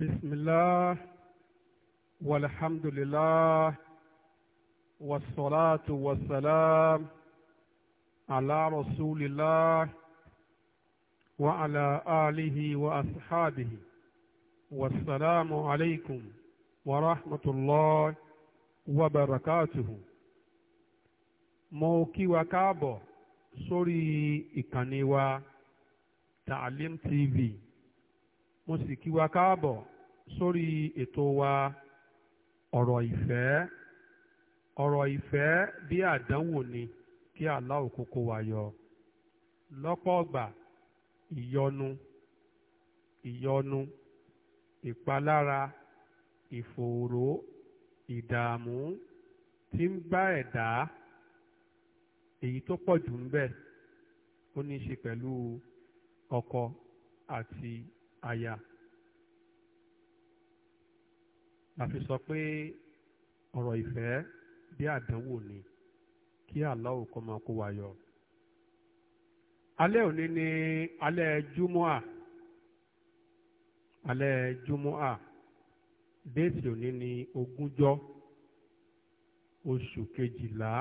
بسم الله والحمد لله والصلاة والسلام على رسول الله وعلى آله وأصحابه والسلام عليكم ورحمة الله وبركاته mo kí سوري káàbọ̀ sórí تي في. mo sì kí wa káàbọ̀ sórí ètò wa ọ̀rọ̀ ìfẹ́ ọ̀rọ̀ ìfẹ́ bí àdánwò ni kí Allah kókó wa yọ lọ́pọ̀ ọgbà ìyọnu ìyọnu ìpalára ìfòòró ìdààmú tí ń gbá ẹ̀dá èyí tó pọ̀ jù ń bẹ ó ní í ṣe pẹ̀lú ọkọ àti aya la fi sọ pé ọ̀rọ̀ ìfẹ́ bí àdánwò ni kí Allah kó máa kó wa yọ. alẹ́ òní ni alẹ́ júmọ́à alẹ́ júmọ́à déètì òní ni ogúnjọ́ oṣù kejìlá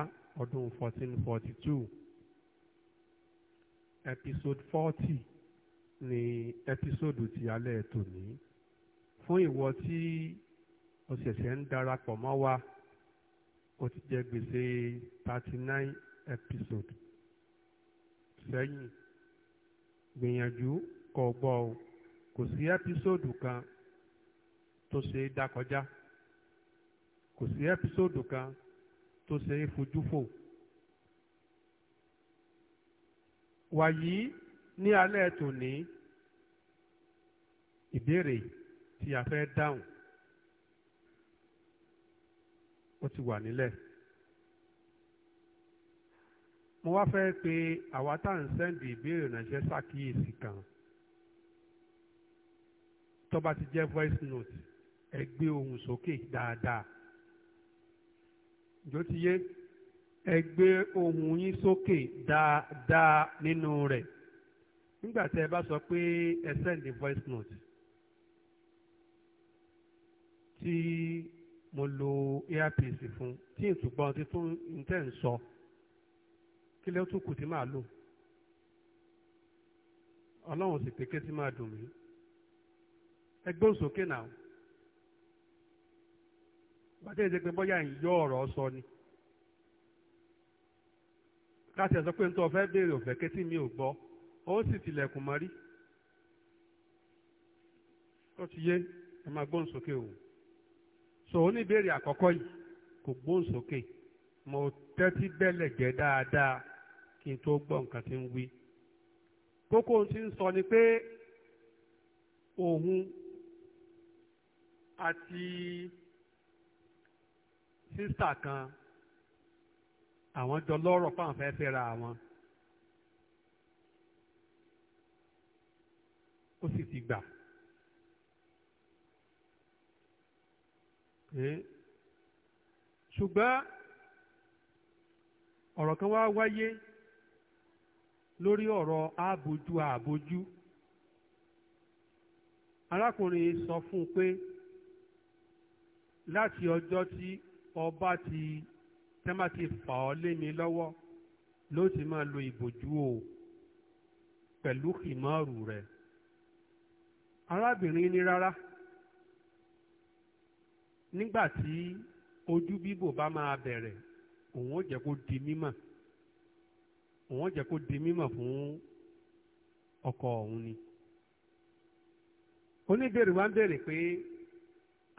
ọdún fourteen forty two episode forty ni ẹ́písòdù ti alẹ́ tòní fún ìwọ tí o ṣẹ̀ṣẹ̀ ń darapọ̀ mọ́ wa o ti jẹ gbèsè thirty nine episode sẹ́yìn gbìyànjú kó gbọ́ o kò sí ẹ́písòdù kan tó ṣe é dá kò sí ẹ́písòdù kan tó ṣe é fojú fò wàyí ní alẹ́ tòní ìbéèrè tí a fẹ́ dáhùn ó ti wà nílẹ̀ mo wá fẹ́ pe àwa tá à ń sẹ́ndì ìbéèrè ránṣẹ́ ṣàkíyèsí kan tó bá ti jẹ́ voice note ẹ gbé ohùn sókè dáadáa ìjọ ti yé ẹ gbé ohùn yín sókè dáadáa nínú rẹ̀ nígbà tí ẹ bá sọ pé ẹ send the voice note tí mo lo earpiece fún tí ìtùgbọ́n ti tún intẹ́ ń sọ kí ló tún kù tí màá lò ọlọ́run sì pé kétí máa dùn mí ẹ gbóhùn sókè náà bàtà ìdẹ́gbẹ́ bọ́yá ń yọ ọ̀rọ̀ sọ ni láti ẹ̀ sọ pé nítorí ọ̀fẹ́ béèrè ọ̀fẹ́ kétí mi ò gbọ́ ó sì tilẹ̀kùn mọ́rí ó ti yé ẹ máa gbóhùn sókè o so oníbèrè àkọ́kọ́ yìí kò gbóhùn sókè mo tẹ́tí bẹ́lẹ̀ jẹ́ dáadáa kí n tó gbọ́ nǹkan tí ń wí kókó ohun tí ń sọ ni pé òun àti sísà kan àwọn jọ lọ́rọ̀ fáwọn fẹ́ fẹ́ ra àwọn. ó sì ti gbà pé ṣùgbọ́n ọ̀rọ̀ kan wá wáyé lórí ọ̀rọ̀ àbójú àbójú arákùnrin sọ fún un pé láti ọjọ́ tí ọba ti tẹ́mà ti fà ọ́ lé mi lọ́wọ́ ló ti máa lo ìbòjú o pẹ̀lú kìmọ́ọ̀rù rẹ̀ arábìnrin ní rárá nígbà tí ojú bíbò bá máa bẹ̀rẹ̀ òun ó jẹ́ kó di mímọ̀ òun ó jẹ́ kó di mímọ̀ fún ọkọ òun ni oníbèrè wa ń bèrè pé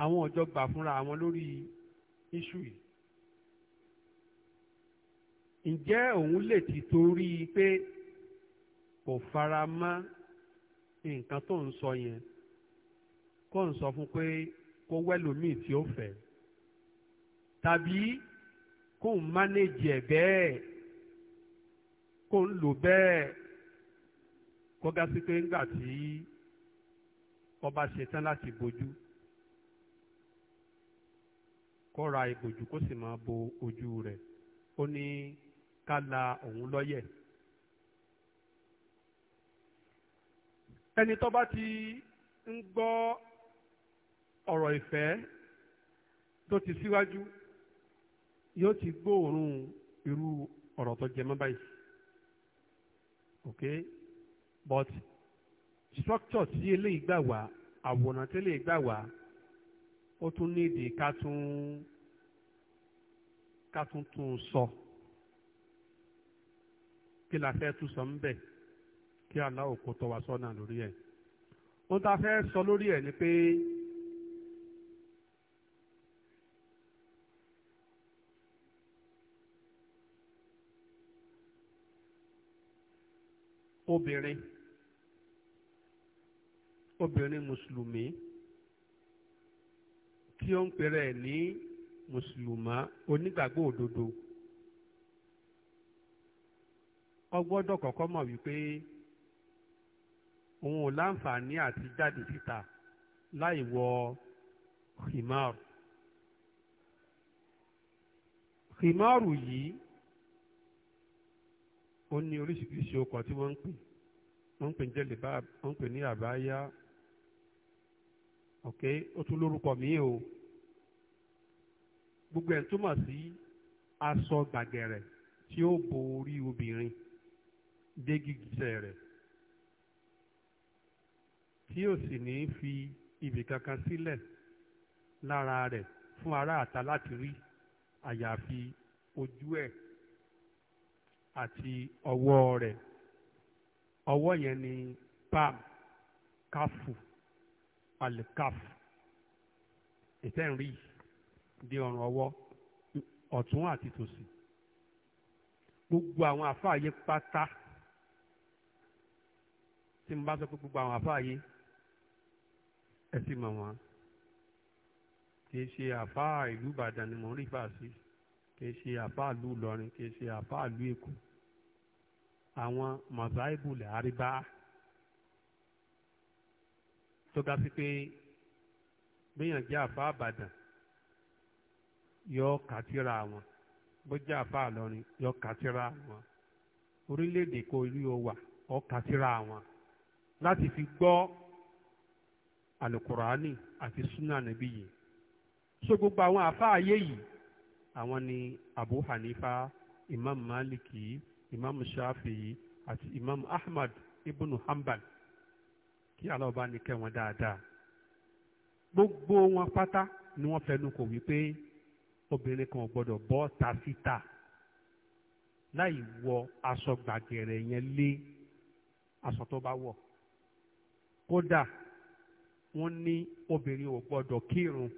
àwọn ọ̀jọ́ gbà fúnra àwọn lórí iṣu yìí ǹjẹ́ òun lè ti torí pé kò fara mọ́ nǹkan tó ń sọ yẹn kó ń sọ fún pé kó wẹ́lòmíì tí ó fẹ́ tàbí kó ń mánéjì ẹ̀ bẹ́ẹ̀ kó ń lò bẹ́ẹ̀ kó ga sí pé ńgbà tí ọba ṣetán láti bojú kó ra ìbòjú kó sì máa bo ojú rẹ̀ ó ní ká la òun lọ́yẹ̀. ẹni tó bá ti ń gbọ́ ọ̀rọ̀ ìfẹ́ tó ti síwájú yóò ti gbóòórùn irú ọ̀rọ̀ tó jẹ mọ́ báyìí ok but structure tí eléyìí gbà wá àwòrán tí eléyìí gbà wá ó tún nídìí ká tún ká tún tún sọ kí la fẹ́ tún sọ ń bẹ̀ kí aláwò kó tọ́ wa sọ́nà lórí ẹ̀ ohun tá a fẹ́ sọ lórí ẹ̀ ni pé obìnrin obìnrin mùsùlùmí tí ó ń pèrè ẹ̀ ní mùsùlùmá onígbàgbọ́ òdodo ó gbọ́dọ̀ mọ̀ wípé òun ò láǹfààní àti jáde síta láì wọ khimar khimar yìí ó ní oríṣiríṣi ọkọ̀ tí wọ́n ń pè wọ́n ń pè ní jẹ́lẹ̀bá wọ́n ń pè ní àbáyá ok ó tún lórúkọ míì o gbogbo ẹ̀ túmọ̀ sí aṣọ gbàgẹ̀rẹ̀ tí ó bo orí obìnrin dé gìgísẹ̀ rẹ̀ tí ò sì ní fi ibì kankan sílẹ̀ lára rẹ̀ fún aráàta láti rí àyàfi ojú ẹ̀ àti ọwọ́ rẹ̀ ọwọ́ yẹn ni palm kafu alikafu ìtẹ́ǹrí di ọ̀rùn ọwọ́ ọ̀tún àti tòsì gbogbo àwọn àfáàyè pátá tí mo bá sọ pé gbogbo àwọn àfáàyè ẹ sì mọ̀ wọ́n kì í ṣe àfáà ìlú Ìbàdàn ni mò ń rí fà sí kì í ṣe àfáà ìlú Ìlọrin kì í ṣe àfáà ìlú Èkó àwọn mọ̀sáìbù lè àríbá tó ga sí pé gbéyàn jẹ́ àfáà Ìbàdàn yọ kàtíra wọn bó jẹ́ àfáà Ìlọrin yọ kàtíra wọn orílẹ̀-èdè kò rí o wà ọ kàtíra wọn láti fi gbọ́ alukurani àti sunna nàbí yìí so gbogbo àwọn àfáàyè yìí àwọn ni abu hanifa imam maliki imam shafi'i àti imam ahmad ibn hanbal kí aláwọ̀ bá ní kẹ́ wọn dáadáa gbogbo wọn pátá ni wọ́n fẹnu kò wípé obìnrin kan ò gbọ́dọ̀ bọ́ ta síta láì wọ aṣọ gbàgẹ̀rẹ̀ yẹn lé aṣọ tó bá wọ̀ kódà wọ́n ní obìnrin ò gbọ́dọ̀ kírun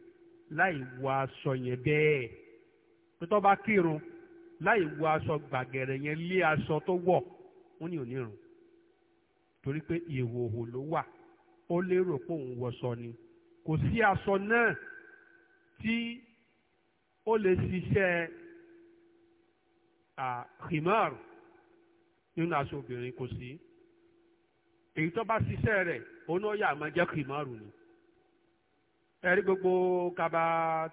láì wọ aṣọ yẹn bẹ́ẹ̀ tó bá kírun láì wọ aṣọ gbàgẹ̀rẹ̀ yẹn lé aṣọ tó wọ̀ wọ́n ní onírun torí pé ìhòòhò ló wà ó lérò pé òun wọṣọ ni kò sí aṣọ náà tí ó lè ṣiṣẹ́ khimar nínú aṣọ obìnrin kò sí èyí tó bá ṣiṣẹ́ rẹ̀ òun náà yà máa jẹ́ kìmọ́rù ni ẹ̀rí gbogbo kaba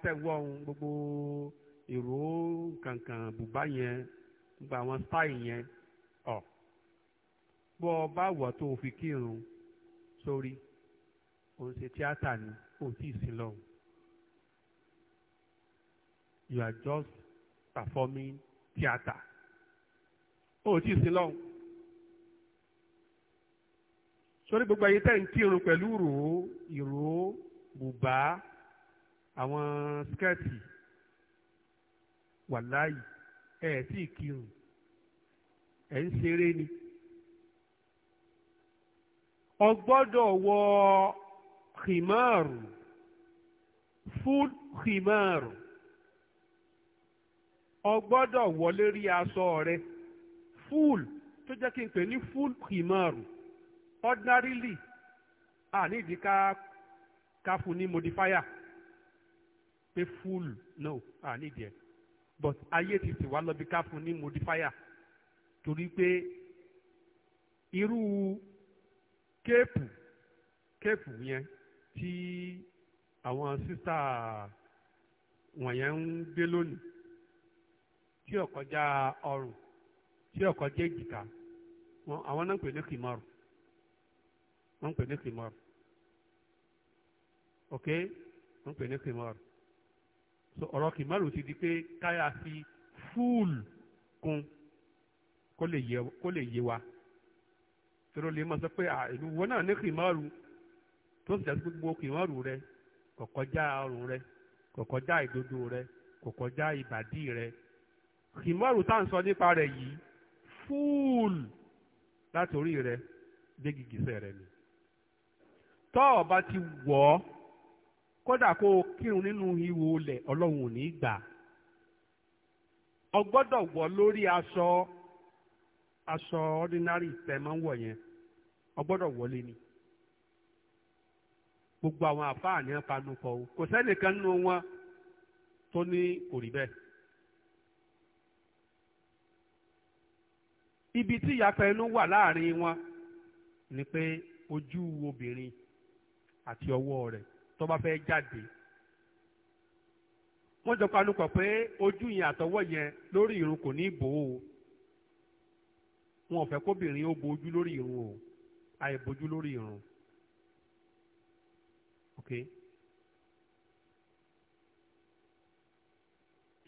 tẹ̀wọ́ ọ̀hún gbogbo ìró kankan bùbá yẹn gbogbo àwọn stáì yẹn ọ̀ bọ́ ọ bá wọ̀ tó o fi kírun sórí òun ṣe tíátà ni kò tí ì sí you are just performing theatre ó tí ì sí sórí gbogbo ayé tẹ̀ ń kírun pẹ̀lú rò ìró bùbá àwọn skẹ́ẹ̀tì wàláyì ẹ̀ ẹ̀ tí ì kírun ẹ̀ ń ṣeré ni o gbọ́dọ̀ wọ khimaru full khimaru o gbọ́dọ̀ wọ lérí aṣọ rẹ full tó jẹ́ kí n pè ní full khimaru ordinarily a ní ìdí ká ká fún ní modifier pé full no a ní ìdí ẹ but ayé ti tì wá lọ bí ká fún ní modifier torí pé irú kéèpù kéèpù yẹn tí àwọn sísá wọ̀nyẹn ń gbé lónìí tí ó kọjá ọrùn tí ó kọjá èjìká àwọn náà ń pè ní kìmọ̀rù wọ́n ń pè ní khimar ok wọ́n pè ní khimar so ọ̀rọ̀ khimar ò ti di pé káyà fi fúùl kún kó lè yé kó lè yé wa tẹ́lẹ̀ lè máa sọ pé à ìlú wọn náà ní khimar tó sì dá sí gbogbo khimar rẹ kò kọjá ọrùn rẹ kò kọjá ìdodo rẹ kò kọjá ìbàdí rẹ khimar tá à ń sọ nípa rẹ̀ yìí fúùl láti rẹ dé gìgísẹ̀ rẹ ni. tọ́ ọba ti wọ̀ ọ́ kódà kó o kírun nínú ihò olẹ̀ ọlọ́run ò ní gbà ọ gbọ́dọ̀ wọ̀ lórí aṣọ aṣọ ordinary tẹ̀ máa ń wọ̀ yẹn ọ gbọ́dọ̀ wọlé ni gbogbo àwọn àfáà ní apanupọ̀ o kò sẹ́nìkan nínú wọn tó ní kò rí bẹ́ẹ̀. ibi tí ìyapẹ́ inú wà láàrin wọn ni pé ojú obìnrin àti ọwọ́ rẹ̀ tó bá fẹ́ jáde wọ́n jọ panupọ̀ pé ojú yẹn àtọwọ́ yẹn lórí irun kò ní bò ó wọn ò fẹ́ kóbìnrin ó bojú lórí irun o àìbojú lórí irun ok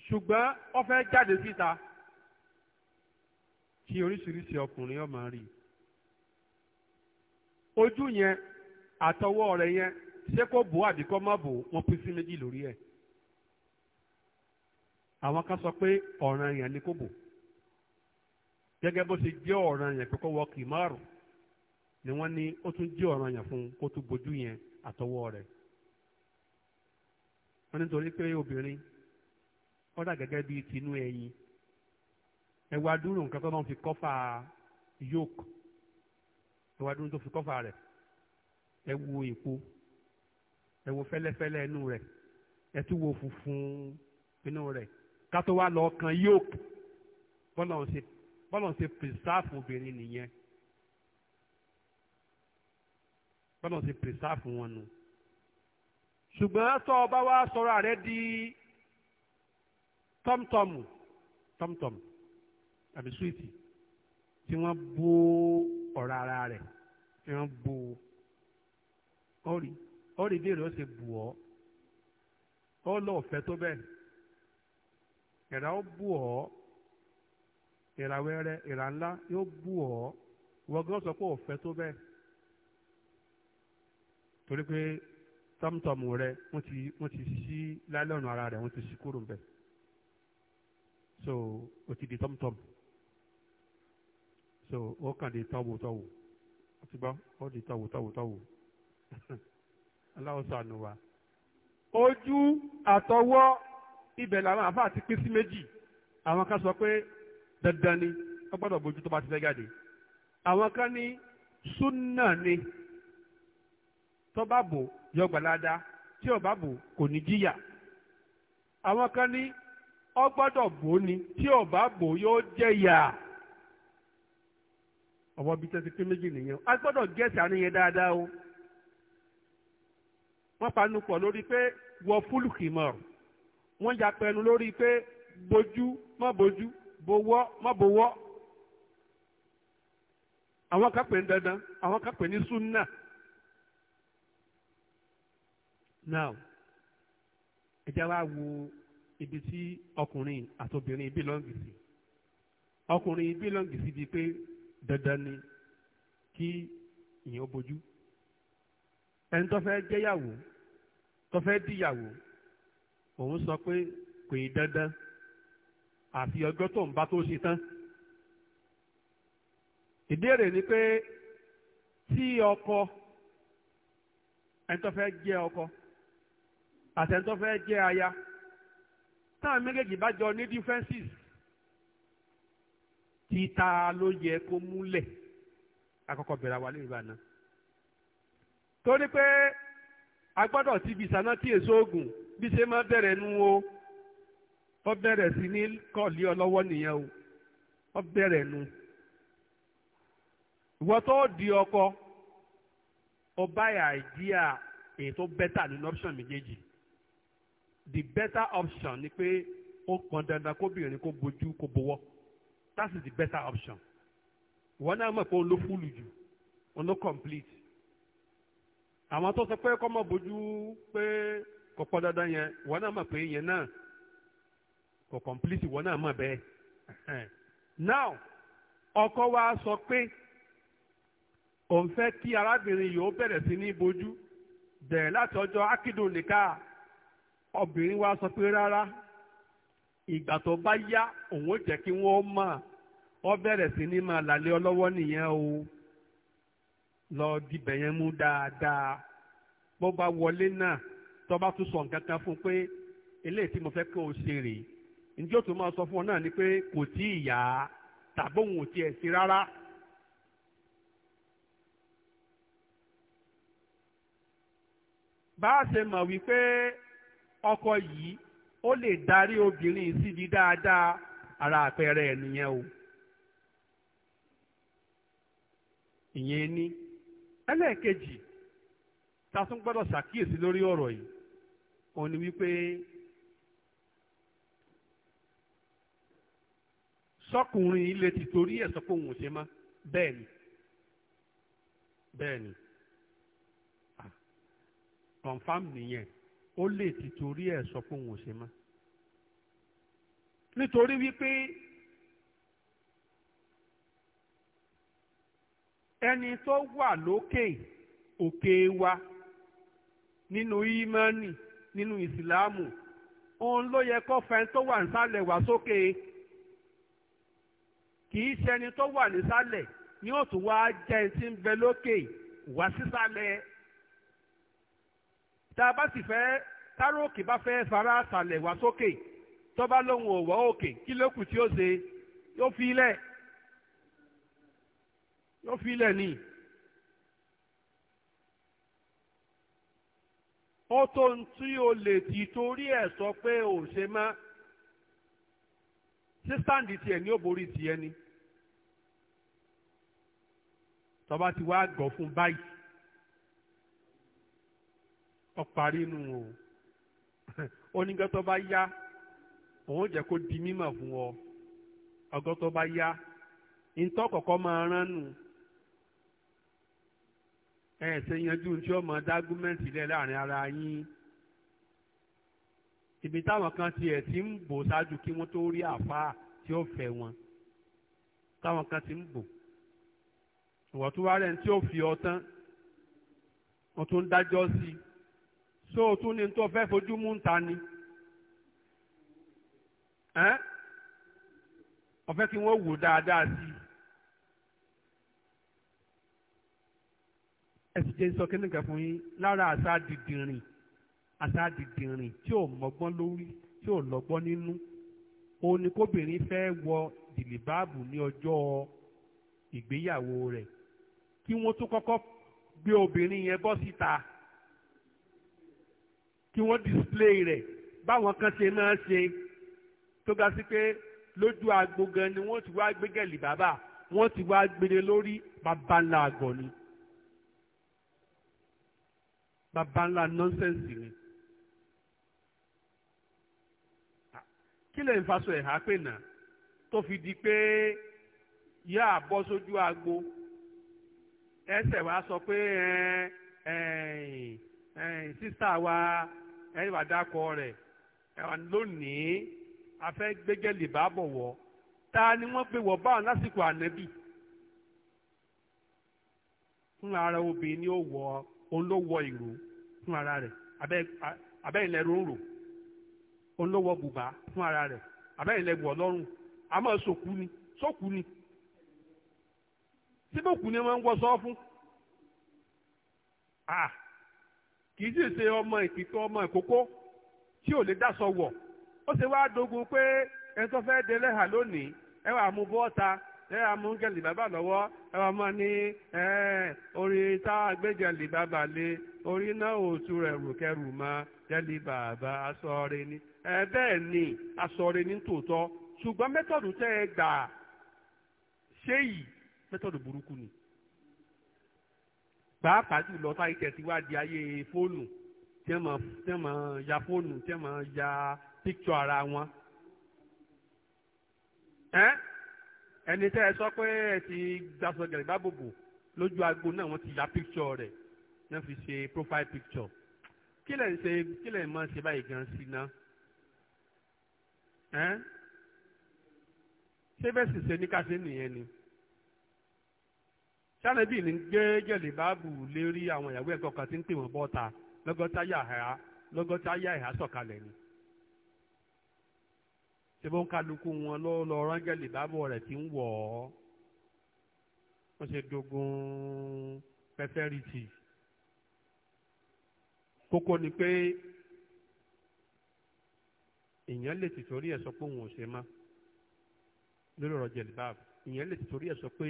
ṣùgbọ́n ó fẹ́ jáde síta tí oríṣiríṣi ọkùnrin ó rí ojú yẹn àtọwọ́ rẹ̀ yẹn ṣé kó bò àbí kó má bò wọ́n pín sí méjì lórí àwọn kan sọ pé ọ̀ràn yẹn ni kó bò gẹ́gẹ́ bó ṣe jẹ́ ọ̀ràn yẹn pé kó wọ ni wọ́n ní ó tún jẹ́ ọ̀ràn yẹn fún kó tún bojú yẹn àtọwọ́ rẹ̀ wọ́n pé obìnrin ó dà ẹ wo èpo ẹ wo fẹ́lẹ́fẹ́lẹ́ inú rẹ̀ ẹ tún wo funfun inú rẹ̀ ká tó wá lọ kan yolk bọ́lọ̀ ń ṣe bọ́lọ̀ ń ṣe preserve obìnrin nìyẹn bọ́lọ̀ ń ṣe preserve wọn nù ṣùgbọ́n tó o bá wá sọ̀rọ̀ rẹ di tọ́mtọ́mù tọ́mtọ́mù àbí súwìtì tí wọ́n bó ọ̀rá ara rẹ̀ tí wọ́n bó o ọ̀rì ọ̀rì bí èrè ó ṣe bù ọ́ ó lọ ọ̀fẹ́ tó bẹ́ẹ̀ ìrà ó bù ọ́ ìrà wẹ́rẹ́ ìrà ńlá yóò bù ọ́ wọ́gán sọ pé ọ̀fẹ́ tó bẹ́ẹ̀ torí pé tọ́mùtọ́mù rẹ wọ́n ti wọ́n ti ṣí lálẹ́ ọ̀nà ara rẹ̀ wọ́n ti ṣí kúrò ńbẹ̀ so o ti di tọ́mùtọ́mù so ó kàn di tọ́wò tọ́wò ó ti bá ó di tọ́wò tọ́wò tọ́wò aláwọ̀ sànù wa ojú àtọwọ́ ibẹ̀ làwọn àfáà ti pín sí méjì àwọn kan sọ pé dandan ni wọ́n gbọ́dọ̀ bójú tó bá ti fẹ́ jáde àwọn kan ní súnà ni tó bá bò yọ gbàládá tí ó bá bò kò ní jìyà àwọn kan ní ó gbọ́dọ̀ bò ni tí ó bá bò yóò jẹ̀yà ọ̀wọ́ bíi tẹ́sí pé méjì nìyẹn a gbọ́dọ̀ gẹ̀ẹ́sì àníyẹn dáadáa o wọ́n panupọ̀ lórí pé wọ fúlùkì mọ̀ wọ́n ya pẹnu lórí pé bojú má bojú bowọ́ má bowọ́ àwọn kan pè ní dandan àwọn kan pè ní sunna now ẹ jẹ́ wá wo ibi tí ọkùnrin àtobìnrin bílọ̀ǹgì sí ọkùnrin bílọ̀ǹgì sí di pé dandan ni kí ìyẹn ó bojú ẹni tó fẹ́ jẹ́yàwó tó fẹ́ díyàwó òun sọ pé kò í dandan àfi ọjọ́ tó ń bá tó ṣe tán ìbéèrè ni pé tí ọkọ ẹni tó fẹ́ jẹ́ ọkọ àti ẹni tó fẹ́ jẹ́ aya táwọn méjèèjì bá jọ ní differences títa ló yẹ kó múlẹ̀ akọ́kọ́ bẹ̀rẹ̀ wa lè bá torí pé a gbọ́dọ̀ ti bìsànà tí èso oògùn bí ṣe máa bẹ̀rẹ̀ nu o ó bẹ̀rẹ̀ sí ní kọ̀lí ọlọ́wọ́ nìyẹn o ó bẹ̀rẹ̀ nu ìwọ tó di ọkọ ó báyà àìdíà èyí tó bẹ́tà nínú option méjèèjì the better option ni pé ó pọn dandan kóbìnrin kó bojú kó bọwọ́ that is the better option ìwọ náà mọ̀ pé òun ló fúlù jù òun ló complete àwọn tó sọ pé kọ́ mọ̀ bójú pé kò pọ̀ dandan yẹn wọ́n náà mọ̀ pé yẹn náà kò kọ̀m̀plìtì wọ́n náà mọ̀ bẹ́ẹ̀ now ọkọ wa sọ pé òun fẹ́ kí arábìnrin yìí ó bẹ̀rẹ̀ sí ní bójú bẹ̀rẹ̀ láti ọjọ́ akídùn nìkan obìnrin wa sọ pé rárá ìgbà tó bá yá òun ó jẹ́ kí wọ́n mọ̀ ọ bẹ̀rẹ̀ sí ní máa làlẹ́ ọlọ́wọ́ nìyẹn o. lọ dibẹ̀ yẹn mú dáadáa bó bá wọlé náà tó bá tún sọ nǹkan kan fún pé eléyìí tí mo fẹ́ kó o ṣe rèé njẹ́ sọ fún ọ náà ni pé kò tí ì yá tàbóhùn ò tiẹ̀ sí rárá. bá a ṣe mọ̀ wípé ọkọ yìí ó lè darí obìnrin ara àpẹẹrẹ o. ìyẹn ẹlẹ́ẹ̀kejì ta tún gbọ́dọ̀ ṣàkíyèsí lórí ọ̀rọ̀ yìí òun ni wípé sọkùnrin ilé ti torí ẹ̀ sọ pé òun ò ṣe mọ́ bẹ́ẹ̀ ni bẹ́ẹ̀ ni confam nìyẹn ó lè ti torí ẹ̀ sọ pé òun ò ṣe mọ́ nítorí wípé. ẹni tó wà lókè òkè wa nínú imani nínú ìsìláàmù òun ló yẹ kó fẹ́ tó wà nísàlẹ̀ wá sókè kì í ṣe ẹni tó wà nísàlẹ̀ ni ó tún wá jẹ́ ẹni tí ń bẹ lókè wá sísàlẹ̀ tá a bá sì fẹ́ bá fẹ́ fara sàlẹ̀ wá sókè tó bá òkè kí tí ó ṣe yóò fi lẹ̀. yóò fi ilẹ̀ ni. ó tó ń tí o lè ti torí ẹ̀ sọ pé ò ṣe mọ́ sí sáǹdì tiẹ̀ ní òbórí tiẹ̀ ni. tọ́ba ti wá gọ̀ fún báyìí ó parí nù o onígbà yá òun jẹ́ kó di mímọ̀ fún ọ ọgọ́ yá ntọ́ kọ̀kọ́ máa rán nù ẹ ṣe yanjú tí ọmọ dágúmẹ́ǹtì lẹ láàrin ara yín ibi táwọn kan tiẹ̀ ti ń bò ṣáájú kí wọ́n tó rí àáfàá tí ó fẹ́ wọn táwọn kan ti ń bò ìwọ̀n tó wá rẹ̀ tí ó fi ọtán wọ́n tún dájọ́ sí i ṣó o tún ní tó fẹ́ fojú mú ń ta ni ọ̀fẹ́ kí wọ́n wò dáadáa sí i ẹ sì jẹ́ sọ kíní kan fún yín lára àṣà dìdìrìn àṣà dìdìrìn tí ò mọ́gbọ́n lórí tí ò lọ́gbọ́n nínú òun ni kóbìnrin fẹ́ wọ dìlìbáàbù ní ọjọ́ ìgbéyàwó rẹ̀ kí wọ́n tún kọ́kọ́ gbé obìnrin yẹn bọ́ síta kí wọ́n display rẹ̀ báwọn kan ṣe máa ń ṣe tó ga sí pé lójú agbo gan ni wọ́n ti wá gbé bàbá wọ́n ti wá gbélé lórí bàbá ni bàbá ńlá nọ́nsẹ̀nsì ni. kí lè ń faṣọ ẹ̀há pè náà tó fi di pé yá àbọ̀ sójú agbo ẹsẹ̀ wa sọ pé sísá wa ẹ̀yìnwá dákọ̀ rẹ̀ ẹ̀wọ̀n lónìí a fẹ́ gbẹ́gẹ́lì bá bọ̀ wọ́ ta ni wọ́n pe wọ̀ báwọn lásìkò ànẹ́bì fúnra ara obìnrin ni ó wọ òun ló wọ ìró fún ara rẹ̀ abẹ ilẹ̀ ròǹrò òun ló wọ bùbá fún ara rẹ̀ abẹ́ ilẹ̀ wọ̀ lọ́rùn àmọ́ sòkú ni sókú ni síbòkú ni wọ́n ń wọ́sọ́ fún sì ṣe ọmọ ìpìtọ́ ọmọ ìkókó tí ò lè dáṣọ wọ̀ ó ṣe wá dogun pé tó fẹ́ lónìí ẹ wà mú bọ́ta ẹ wàá mú bàbà lọ́wọ́ ẹ wàá máa ní orí tá a gbé gẹ̀lì bàbà lé orí náà òtú rẹ̀ rùkẹ́rù mọ́ gẹ̀lì bàbà asọ̀rẹ́ ni ẹ bẹ́ẹ̀ ni asọ̀rẹ́ ni tòótọ́ ṣùgbọ́n mẹ́tọ̀dù tẹ́ ẹ gbà ṣé yìí mẹ́tọ̀dù burúkú ni ya fóònù tí wọ́n ya píkṣọ ara wọn. ẹni tẹ́ ẹ sọ pé ẹ ti gbàsọ gẹ̀rẹ́ bá bòbò lójú agbo náà wọ́n ti ya picture rẹ̀ náà fi ṣe profile picture kí lẹ̀ ń ṣe kí lẹ̀ ń mọ̀ ṣe báyìí gan sí ná ẹ́ ṣé bẹ́ẹ̀ sì ṣe ní káṣí nìyẹn ni sálẹ̀bì ní gbé gẹ̀lẹ́ báàbù lérí àwọn ìyàwó ẹ̀kọ́ kan tí ń pè wọ́n bọ́ta lọ́gọ́táyà ẹ̀há lọ́gọ́táyà ẹ̀há sọ̀kalẹ̀ ni ṣebó ń kálukú wọn ló lọ rángẹ́lì bábọ̀ rẹ̀ ti ń wọ̀ ọ́ wọ́n ṣe dogun pẹ́fẹ́rìtì kókó ni pé èèyàn lè tìtorí ẹ̀ sọ pé òun ò ṣe má lórí ọ̀rọ̀ jẹ̀lìbáàbù èèyàn lè tìtorí ẹ̀ sọ pé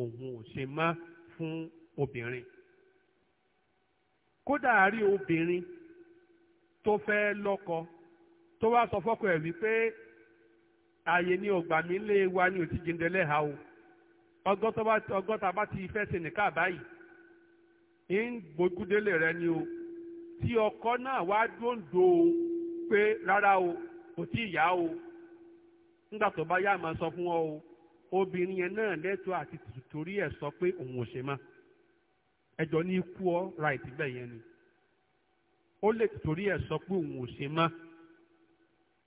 òun ò ṣe má fún obìnrin kódà a obìnrin tó fẹ́ lọ́kọ tó wá sọ fọ́kọ ẹ̀ wípé ààyè ní ọgbà mi lé wa ní òtí jẹ́ndẹ́lẹ́ ha o ọgọ́ta bá ti fẹ́ ṣe nìka báyìí ń gbójúdélé rẹ ni o tí ọkọ náà wá dòǹdò pé rárá o kò tí ì yá o nígbà tó bá yá máa sọ fún ọ o obìnrin yẹn náà lẹ́tọ̀ọ́ àti torí ẹ̀ sọ pé òun ò ṣe má ẹjọ́ ní ikú ọ ra ìtìgbẹ́ yẹn ni ó lè torí ẹ̀ sọ pé òun ò ṣe má.